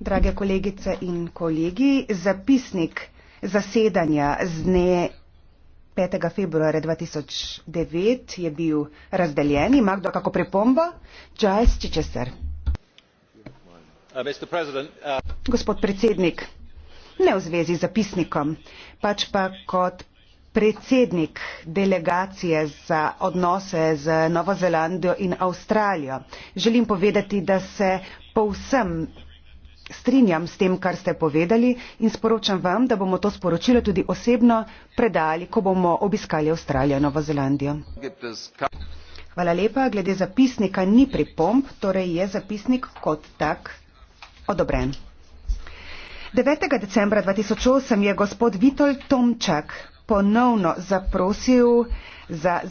Drage kolegice in kolegi, zapisnik zasedanja z dne 5. februarja 2009 je bil razdeljen. Ima kdo kako pripombo? Joyce Chichester. Uh, uh, Gospod predsednik, ne v zvezi z zapisnikom, pač pa kot predsednik delegacije za odnose z Novo Zelandijo in Avstralijo. Želim povedati, da se povsem strinjam s tem, kar ste povedali in sporočam vam, da bomo to sporočilo tudi osebno predali, ko bomo obiskali Avstralijo in Novo Zelandijo. Hvala lepa. Glede zapisnika ni pripomb, torej je zapisnik kot tak odobren. 9. decembra 2008 je gospod Vitol Tomčak ponovno zaprosil za zadržanje.